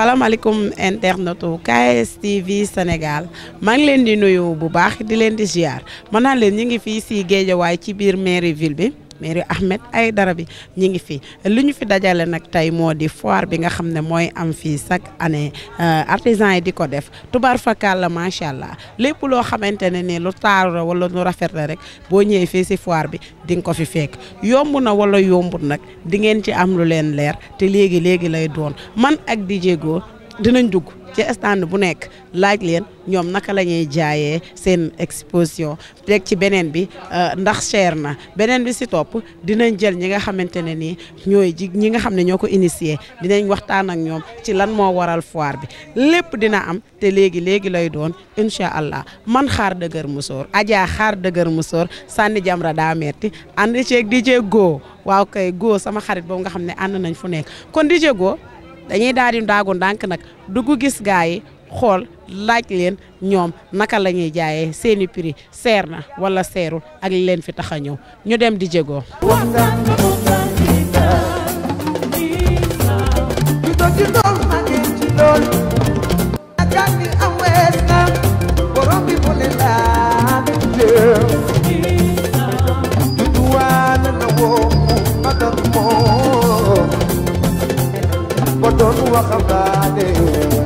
salaamaaleykum internetu KS TV Sénégal maa ngi leen di nuyu bu baax di leen di ziar ma naan leen ñu ngi fii si Géejawaay ci biir mairie ville bi mairie ay dara bi ñu ngi fi li ñu fi dajale nag tey moo di foire bi nga xam ne mooy am fii chaque année euh, artisans yi di ko def tubaar fakàl la macha allah lépp loo xamante ne ni lu taaru la wala lu rafet la rek boo ñëwee fii si foire bi di nga ko fi fekk yomb na wala yombul nag di ngeen ci am lu leen leer te léegi léegi lay doon man ak di jéego dinañ dugg ci stand bu nekk laaj leen ñoom naka la ñuy jaayee seen exposition teg ci beneen bi euh, ndax cher na beneen bi si topp dinañ jël ñi nga xamante ne nii ñooy ji ñi nga xam ne ñoo ko initié dinañ waxtaan ak ñoom ci lan moo waral foire bi lépp dina am te léegi léegi lay doon incha allah man xaar dëgër musóor ajaa xaar dëgër musóor sànni jamra daa metti ànd ceeg DJ Go waaw kay Go sama xarit boobu nga xam ne ànd nañ fu nekk kon DJ Go dañuy daal di daagu ndànk nag dugg gis gaa xool laaj leen ñoom naka la ñuy jaayee seeni prix seer na wala seeru ak leen fi tax a ñëw ñu dem di jégoo xambaane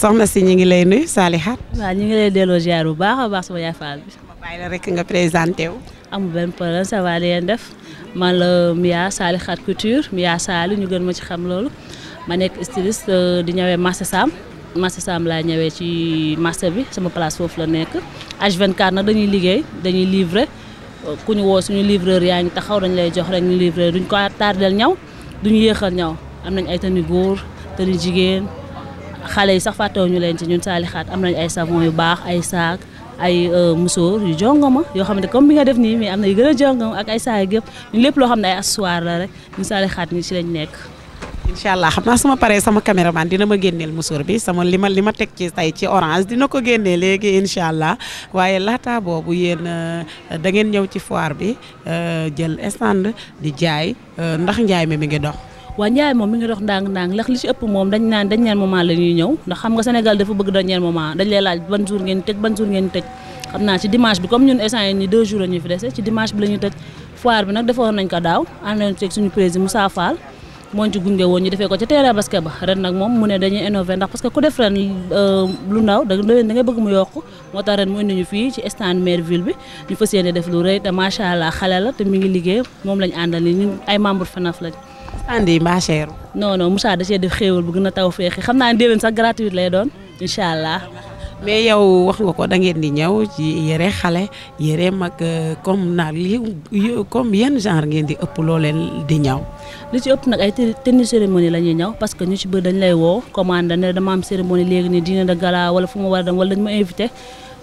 soxna si ñu ngi lay nuyu Salihat. waaw ñu ngi lay delloo ziar bu baax a baax sama yaay Fall bi. ma bàyyi la rek nga présenté amul benn problème Mia Salihat Couture ñu gën ma ci xam loolu ma nekk styliste euh, di ñawee marché Sam marché Sam laa ñëwee ci marché bi sama place foofu la nekk H24 nag dañuy liggéey dañuy livrer ku ñu woo suñu livreur yaa ngi taxaw dañ lay jox rek ñu livrer duñ ko tardel ñaw duñu yéexal ñaw am nañ ay tenue góor tenue jigéen. xale yi sax fàttewu ñu leen ci ñun saalixaat am nañ ay savon yu baax ay saak ay euh, musóor yu jongoma yoo xam ne comme bi nga def nii mais am na yu gën a jongoma ak ay saak gépp ñun lépp loo xam ne ay accessoire la rek ñun saalixaat ñi ci lañ nekk incha allah xam naa sama paree sama caméraman dina ma génneel musóor bi sama li ma li ma teg ci tay ci orange dina ko génnee léegi incha allah waaye laata boobu yéen euh, da ngeen ñëw ci foire bi euh, jël stand di jaay ndax njaay mi mi ngi dox waa Ndiaye moom mi ngi dox ndànk-ndànk ndax li ci ëpp moom dañ naan dernier moment la ñuy ñëw ndax xam nga Sénégal dafa bëgg dernier moment dañ lay laaj ngeen tëj ban ngeen tëj xam naa ci dimanche bi comme ñun instant yi nii deux jours la ñuy fi dese ci dimanche bi la ñuy tëj foire bi nag defoon nañ ko daaw àndoon ceeg suñu président Moussa Fall moo ñu ci gunge woon ñu defee ko ca terrain basket ba ren nag moom mu ne dañuy innover ndax parce que ku def ren euh, lu ndaw da bëgg mu yokk moo tax ren mu indi ñu fii ci stand maire ville bi ñu fas yéene def macha allah xale la te mi ngi liggéey moom lañ àndal ay membre FENAF lañ andi mbaa seeru non non Moussa da cee def xéewal bu gën taw feexi xam naa ne déwén sax gratuite lay doon incha allah. mais yow wax nga ko da ngeen di ñaw ci yére xale yére mag euh, comme na li comme yenn genre ngeen di ëpp loo leen di ñaw. li ci ëpp nag ay tenue cérémonie la ñuy ñaw parce que ñu ci bëri dañ lay woo commande ne dama am cérémonie léegi nii dîner de gala wala fu ma war a dem wala dañ ma invité.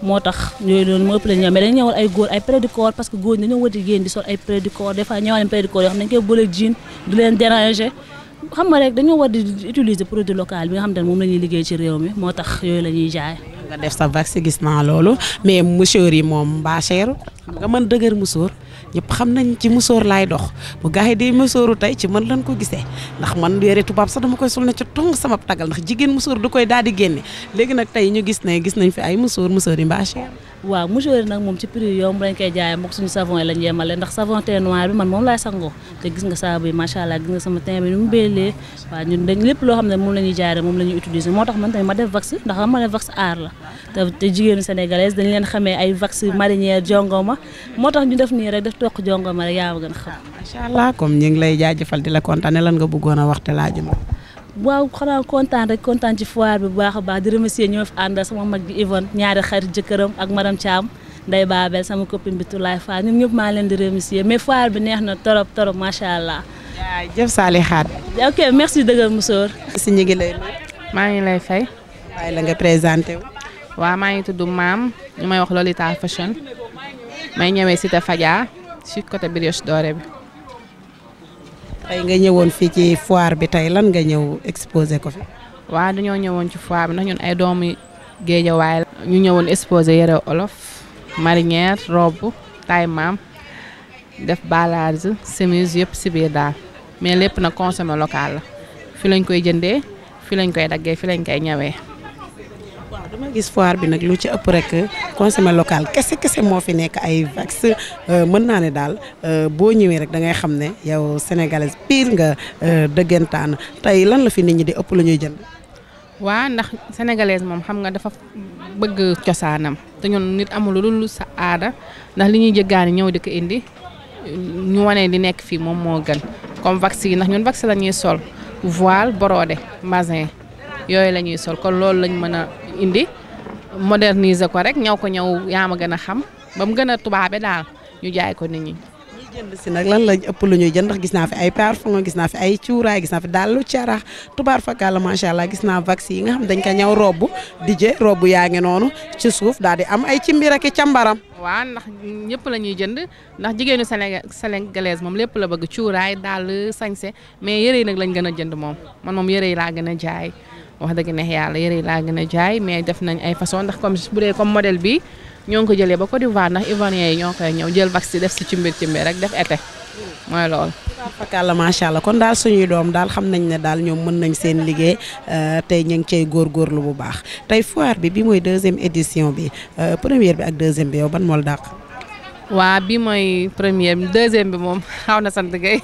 moo tax yooyu loolu moo ëpp la ñëw mais dañu ñëwal ay góor ay près du corps parce que góor ñi dañoo wati génn di sol ay près du corps des fois ñëwaleen près du corps yoo xam ne dañu rek dañoo war di utiliser produit local bi nga xam ne moom la ñuy liggéey ci réew mi moo tax yooyu la ñuy jaay. nga def sa vaccin gis naa loolu mais musóor yi moom mbaa cher nga mën dëgër musóor. ñëpp xam nañ ci musóor laay dox bu gars yi day musóoru tey ci man lañ ko gisee ndax man yére tubaab sax dama koy sol ne ci tong sama tagal ndax jigéen musóor du koy daal di génne léegi nag tey ñu gis ne gis nañ fi ay musóor musóor yi mbaa waaw mouchoir nag moom ci prix yomb lañ koy jaayee mook suñu savon yi lañ yemale ndax savon teint noir bi man moom laay sangoo te gis nga saabu yi macha allah gis nga sama teint loo xam ne moom la ñuy jaay moom la ñuy utiliser moo tax ma def vax ndax ma aar la te te jigéenu dañ leen xamee ay vax marinière jongoma moo tax ñu def nii rek def toq jongoma rek yaa ma gën a xam macha comme ñu ngi lay jaajëfal di la kontaane nga bëggoon a waxte laajuma waaw xanaa kontaan rek kontaan ci foire bi bu baax a baax di remercier ñoo fi àndal sama mag bi Yvonne ñaari xarit jëkkëram ak madame Thiam day Babel sama copine bi Toulaye Fall ñun ñëpp maa leen di remercier mais foire bi neex na torop torop macha allah. jëf Salihad. ok merci dëggal Musoor. si ñu ngi maa ngi lay fay. waaye la nga présenté wu. waaw maa ngi tudd maam ñu may wax Lolita Fashion may ñëwee Cité Fadia ci côté Brioche Dorée bi. tey nga ñëwoon fii ci foire bi tey lan nga ñëw exposé ko fi. waaw dañoo ñëwoon ci foire bi ndax ñun ay doomu géejawaay la. ñu ñëwoon exposé yére olof marinière robe taille maam def balage chemise yëpp si biir daal mais lépp nag consommé locale la fi lañ koy jëndee fi lañ koy daggee fi lañ koy ñawee. dama gis foire bi nag lu ci ëpp rek consommé local kese kese moo fi nekk ay vax euh, mën naa ne daal euh, boo ñëwee rek da ngay xam ne yow sénégalais piir nga euh, dëggantaan tey lan la fi nit ñi di ëpp la ñuy jënd. waa ndax sénégalais moom xam nga dafa bëgg cosaanam te ñun nit amul lu sa aada ndax li ñuy jëggaani ñëw di ko indi ñu wane di nekk fii moom moo gën comme vax yi ndax ñun vax la ñuy sol voile borode basin yooyu la sol kon loolu lañ mën a. indi moderniser ko rek ñaw ko ñaw yaa ma gën a xam ba mu gën a tubaabe daal ñu jaay ko nit ñi. jënd si nag lan lañ ëpp lu ñuy jënd ndax gis naa fi ay parfum gis naa fi ay cuuraay gis naa fi daal lu carax tubaar fakal macha allah gis naa vaccin yi nga xam dañ ko ñaw robb di je robb yaa ngi noonu ci suuf daal di am ay cimbir ak i cambaram. waaw ndax ñëpp la ñuy jënd ndax jigéenu sénégalaise moom lépp la bëgg cuuraay daal sañse mais yëre yi nag lañ gën a jënd moom man moom yëre yi laa gën a jaay. wax dëgg neex yàlla yëre laa gën a jaay mais def nañ ay façon ndax comme bu dee comme modèle bi ñoo ngi ko jëlee ba ko d'Ivoire ndax ivoiriens yi ñoo koy ñëw jël vax si def si cimbir def été mooy loolu. macha allah kon daal suñuy doom daal xam nañ ne daal ñoom mën nañ seen liggéey euh, tey ñu ngi cay góorgóorlu bu baax tey foire bi bi mooy deuxième édition bi euh, première bi ak deuxième bi yow ban mool dàq. waa bi mooy première bi bi moom xaw na sant gay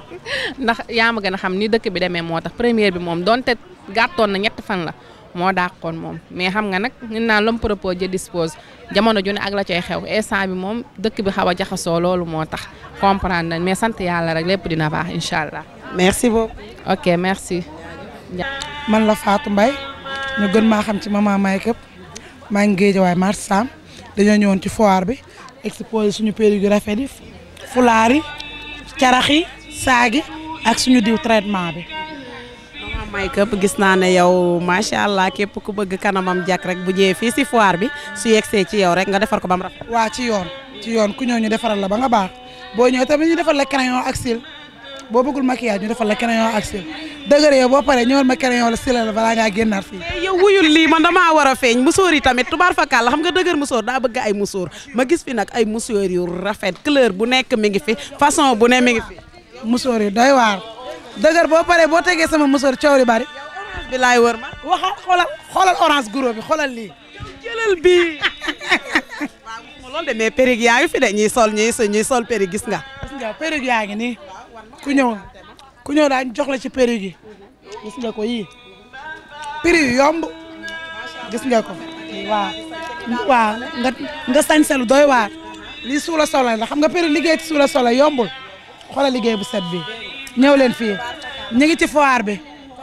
ndax yaa ma gën a xam ni dëkk bi demee moo tax première bi moom donte. gàttoon na ñett fan la moo dàqoon moom mais xam nga nag ñu naan l'homme propose Dieu dispose jamono ju ne ak la cay xew instant bi moom dëkk bi xaw a jaxasoo loolu moo tax comprendre nañ mais sant yàlla rek lépp dina baax incha allah. merci beaucoup. ok merci. man la Fatou Mbaye ñu gën maa xam ci maman may képp maa ngi Guédiawaye marché Sam dañoo ñëwoon ci foire bi exposé suñu perruque yu rafet yi fulaar yi carax yi saagi ak suñu diw traitement bi. may këpp gis naa ne yow macha allah képp ku bëgg kanamam jak rek bu ñëwee fii si foire bi yeg see ci yow rek nga defar ko ba mu rafet. waa ci yoon ci yoon ku ñëw ñu defaral la ba nga baax boo ñëwee tamit ñu defal la crayon ak cils boo bëggul maquillage ñu defal la crayon ak cils dëgër yow boo paree ñëwal ma crayon la cils la balaa ngaa génnaat fii. Eh, yow wuyul lii man damaa war a feeñ musóor yi tamit tubaar fakal la xam nga dëgër musóor daa bëgg ay musóor ma gis fi nag ay musóor yu rafet couleur bu nekk mi ngi fi façon bu ne mi ngi fi. musóor yi doy dëgër boo paree boo tegee sama musóor coow li bari. orange bi wër ma waxal xoolal xoolal orange guro bi xoolal lii. jëlal bii. waaw loolu de mais périg yaa ngi fi de ñuy sol ñuy sol ñuy sol gis nga. gis nga périg yaa ngi nii ku ñëw ku ñëw daañu jox la ci périg yi gis nga ko yii yu yomb gis nga ko waaw. waaw nga nga sañselu doy waar lii suula solo la xam nga périg liggéey ci suula solo yombul xoolal liggéey bu set bi ñëw leen fii ñu ngi ci foire bi.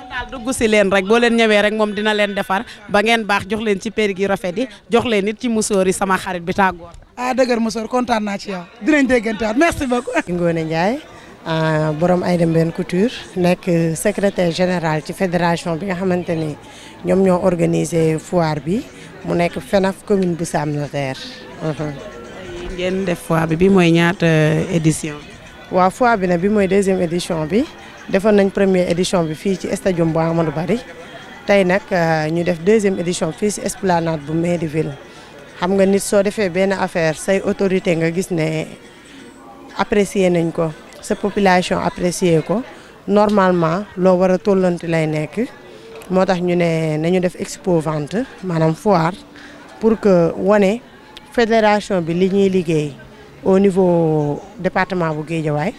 daal dugg si leen rek boo leen ñëwee rek moom dina leen defar ba ngeen baax jox leen ci périg yi rafet yi jox leen nit ci musóor yi sama xarit bi tàggoor. a ah, dëgër musóor kontaan naa ci yow dinañ déggantewaat merci beaucoup. Ngoné Ndiaye ah, borom Aïda Mbène Couture nekk secrétaire général ci fédération bi nga xamante ni ñoom ñoo organiser foire bi mu nekk FENAF commune bu Sam Notaire. ngeen def foire bi bi mooy ñaata euh, édition. waaw foire bi nag bi mooy deuxième édition bi defoon nañ première édition bi fii ci stadium ma Amadou Barry tey nag euh, ñu def deuxième édition fii ci esplanade bu mairie ville xam nga nit soo defee benn affaire say autorité nga gis ne apprécier nañ ko sa population apprécier ko normalement loo war a tollanti lay nekk moo tax ñu ne nañu def expo vente maanaam foire pour que wane fédération bi li ñuy liggéey au niveau département bu géejawaay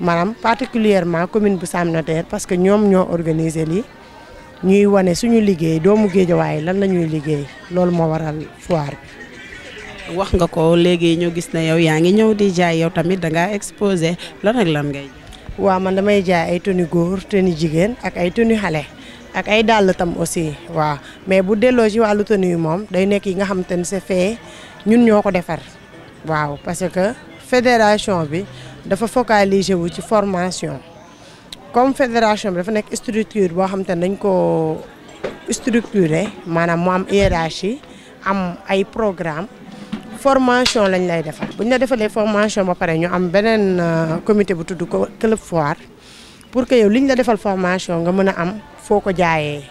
maanaam particulièrement commune bu Sam Notaire parce que ñoom ñoo organiser lii ñuy wane suñu liggéey doomu géejawaay lan la ñuy liggéey loolu moo waral foire bi. wax nga ko léegi ñu gis na yow yaa ngi ñëw di jaay yow tamit da exposé lan ak lan ngay. waaw man damay jaay ay tenue góor tenue jigéen ak ay tenue xale ak ay dàll tam aussi waaw mais bu delloo ci wàllu tenue yi moom day nekk yi nga xam te ne c'est fait ñun ñoo ko defar waaw parce que fédération bi dafa focaliser wu ci formation comme fédération bi dafa nekk structure boo xam te ne dañ ko structuré maanaam mu am hiérarchie am ay programme formation lañ lay defal bu ñu la defalee formation ba pare ñu am beneen euh, comité bu tudd ko club foire pour que yow liñ la defal formation nga mën a am foo ko jaayee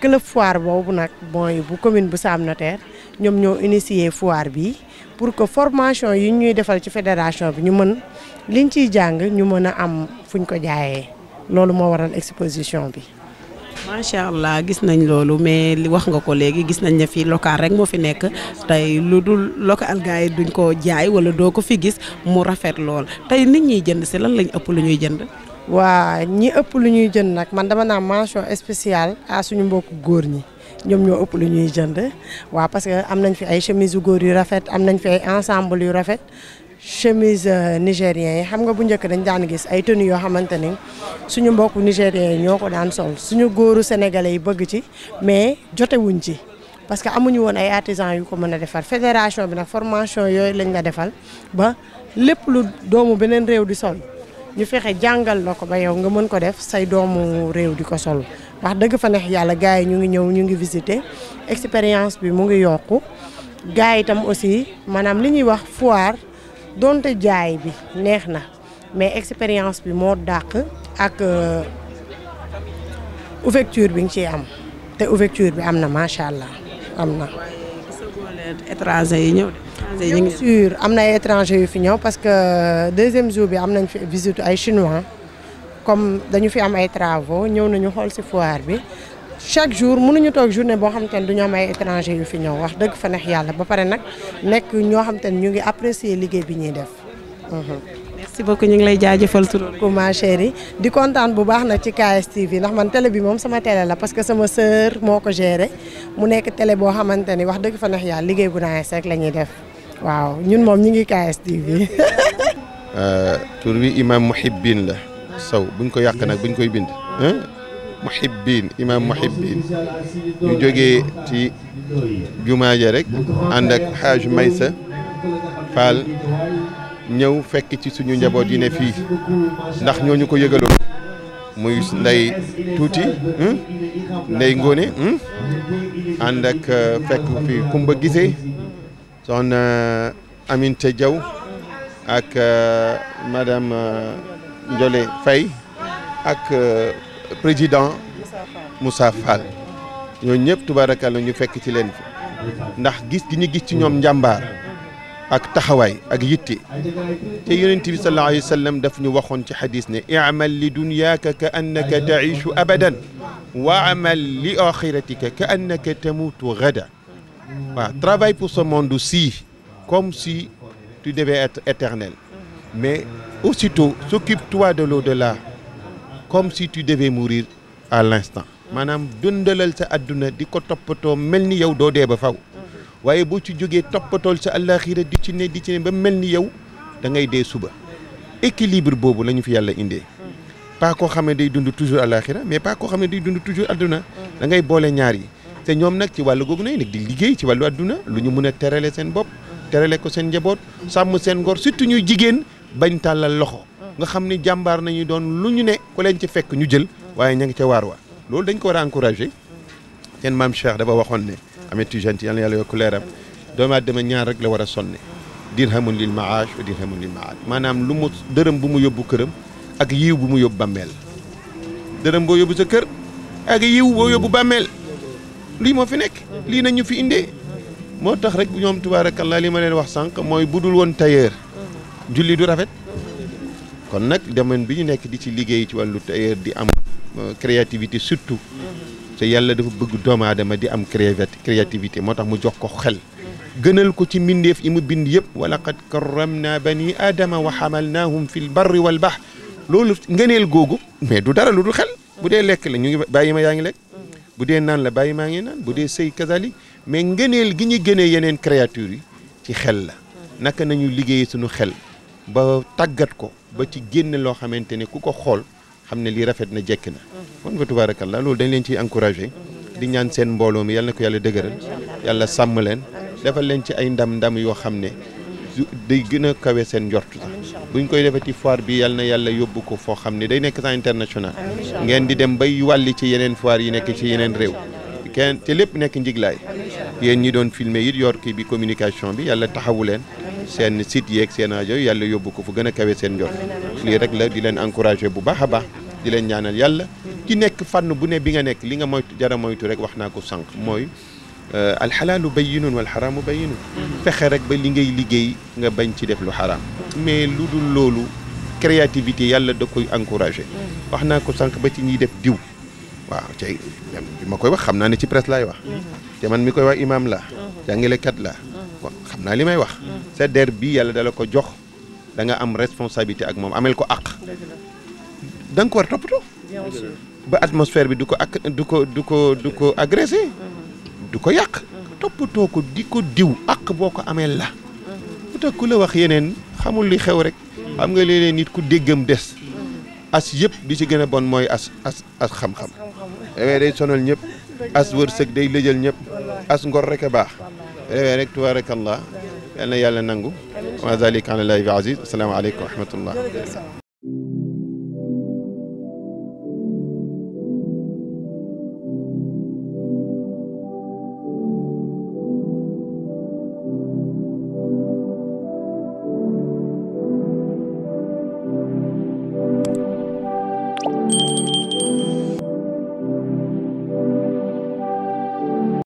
club foire boobu nag mooy bu commune bu Sam Notaire ñoom ñoo initier foire bi pour que formation yi ñuy defal ci fédération bi ñu mën liñ ciy jàng ñu mën a am fuñ ko jaayee loolu moo waral exposition bi. macha allah gis nañ loolu mais li wax nga ko léegi gis nañ ne fii local rek moo fi nekk tey lu dul local gars yi duñ ko jaay wala doo ko fi gis mu rafet lool tey nit ñiy jënd si lan lañ ëpp lu ñuy jënd. waa ñi ëpp lu ñuy jënd nag man dama naa mention spéciale à suñu mbokku góor ñi ñoom ñoo ëpp lu ñuy jënd waaw parce que am nañ fi ay chemise yu góor yu rafet am nañ fi ay ensemble yu rafet chemise euh, nigérien yi xam nga bu njëkk dañ daan gis ay tenues yoo xamante ni suñu mbokku nigérien yi ñoo ko daan sol suñu góoru sénégalais yi bëgg ci mais jotewuñ ci parce que amuñu woon ay artisans yu ko mën a defar fédération bi nag formation yooyu lañ la defal ba lépp lu doomu beneen réew di ñu fexe jàngal la ko ba yow nga mën ko def say doomu réew di ko sol wax dëgg fa neex yàlla gars yi ñu ngi ñëw ñu ngi visiter expérience bi mu ngi yokku gars yi itam aussi maanaam li ñuy wax foire donte jaay bi neex na mais expérience bi moo dàq ak euh, ouverture bi nga ci am te ouverture bi am na macha allah am na. étranger yi ñëw de. bien sûr am na ay étranger yu fi ñëw parce que euh, deuxième jour bi am nañ fi visite ay chinois comme dañu fi am ay travaux ñëw nañu xool si foire bi chaque jour mënuñu toog journée boo xam te ne duñu am ay étranger yu fi ñëw wax dëgg fa yàlla ba pare nag nekk ñoo xam te ñu ngi apprécier liggéey bi ñuy def. si beaucoup ñu ngi lay jaajëfal turóoku ma chérie di kontaan bu baax nag ci KSTV ndax man télé bi moom sama télé la parce que sama sœur moo ko géré mu nekk télé boo xamante ni wax dëgg fa neex yàlla liggéey bu naes rek la ñuy def waaw ñun moom ñu ngi KSTV euh, tur bi imam muhibbin la saw buñ ko yàq nag buñ koy bind muhibbin imam muhibbin ñu jógee ci jumaa rek ànd ak xaaj Maysa Fall ñëw fekk ci suñu njaboot yi ne fii ndax ñooñu ko yëgaloon muy nday tuuti hmm? nday ngóone hmm? ànd ak euh, fekk fi Kumba Gise soxna euh, Aminata Diaw ak euh, madame Ndiolé Faye ak président Moussa Fall ñooñu ñëpp tubaarakàlla ñu fekk ci leen fi ndax gis gi ñu gis ci ñoom njàmbaar ak taxawaay ak yitte te yonent bi sallallahu alayhi ñu waxoon ci xadis ne imal li dunyaaka ka annaka taichu abadan wa amal li axiratika ka annaka tamuutu gada waaw travaille pour ce monde si comme si tu devais être mais aussitôt s'occupe-toi de l'au-delà comme si tu devais mourir à l'instant maanaam dundalal sa àdduna di ko toppatoo mel ni yow doo ba faw waaye boo ci jógee toppatool sa àllaaxira di ci ne di ci ne ba mel ni yow da ngay dee suba équilibre boobu la ñu fi yàlla indee paa koo xam ne day dund toujours àllaaxira mais pas koo xam ne day dund toujours adduna da boole ñaar yi te ñoom nag ci wàllu googu nañ nag di liggéey ci wàllu adduna lu ñu mun a terale seen bopp terale ko seen njaboot sàmm seen ngor surtout ñuy jigéen bañ tàllal loxo nga xam ne jàmbaar nañu doon lu ñu ne ko leen ci fekk ñu jël waaye ña ngi ca waar wa loolu dañ ko war a encouragé seen maam Cheikh dafa waxoon ne Ahmed Tidiane yal na yàlla yokk leeram doomu aadama ñaar rek la war a sonne dirhamun lil maash wa dirhamun lil maad maanaam lu mu dërëm bu mu yóbbu këram ak yiw bu mu yóbbu bàmmeel dërëm boo yóbbu sa kër ak yiw boo yóbbu bàmmeel lii moo fi nekk lii nañu fi indee moo tax rek ñoom laa li ma leen wax sànq mooy bu dul woon tailleur julli du rafet kon nag domaine bi ñu nekk di ci liggéey ci wàllu tailleur di am euh, créativité surtout te yàlla dafa bëgg doomu aadama di am créativité moo tax mu jox ko xel gënal ko ci mbindeef yi mu bind yëpp wa laqad karramna bani aadama wa hamalnahum fi l barri wal bahr loolu ngëneel googu mais du dara lu du xel bu dee lekk la ñu ngi bàyyi ma yaa ngi lekk bu dee naan la bàyyi maa ngi naan bu dee sëy kazalik mais ngëneel gi ñu gënee yeneen créature yi ci xel la naka nañu liggéey suñu xel ba tàggat ko ba ci génn loo xamante ne ku ko xool xam ne lii rafet na jekk na kon fa la loolu dañ leen ci encouragé di ñaan seen mbooloo mi yàlla na ko yàlla dëgëral yàlla sàmm leen defal leen ci ay ndam ndam yoo xam ne di gën a kawe seen njort sax buñ koy defeti foire bi yàlla na yàlla yóbbu ko foo xam ne day nekk sax international ngeen di dem bay wàlli ci yeneen foire yi nekk ci yeneen réew kenn te lépp nekk njiglaay yéen ñi doon filmer it yor kii bi communication bi yàlla taxawu leen seen site yeeg seen yàlla yóbbu ko fu gën a kawe seen njort bu baax a baax di leen ñaanal yàlla ki nekk fànn bu ne bi nga nekk li nga moytu jara moytu rek wax naa ko sànq mooy euh, alxalaalu bayyinun wal xaraamu bayyinun fexe rek ba li ngay liggéey nga bañ ci def lu xaraam mais lu dul loolu créativité yàlla da koy encouragé wax naa ko sànq ba ci ñiy def diw waaw ci bi ma koy wax xam naa ne ci presse laay wax te man mi koy wax imaam la jàngalekat la kon xam naa li may wax mm-hmm. sa der bi yàlla dala ko jox danga am responsabilité ak moom amel ko àq da nga ko war a toppatoo. ba atmosphère bi du ko ak du ko du ko du ko agressé. Mhm. du ko yàq. Mhm. toppatoo ko di ko diw ak boo ko amee la. bu mhm. tax ku la wax yeneen xamul li xew rek. xam nga léeg nit ku déggam des. as yëpp di si gën a bon mooy as as as xam-xam. rewee eh day sonal ñëpp. as wërsëg day lëjal ñëpp. as ngor rek a baax. rewee eh rek tubaarakallah. yal na yàlla nangu. wa zalika ala llahi bi aziz asalaamaaleykum wa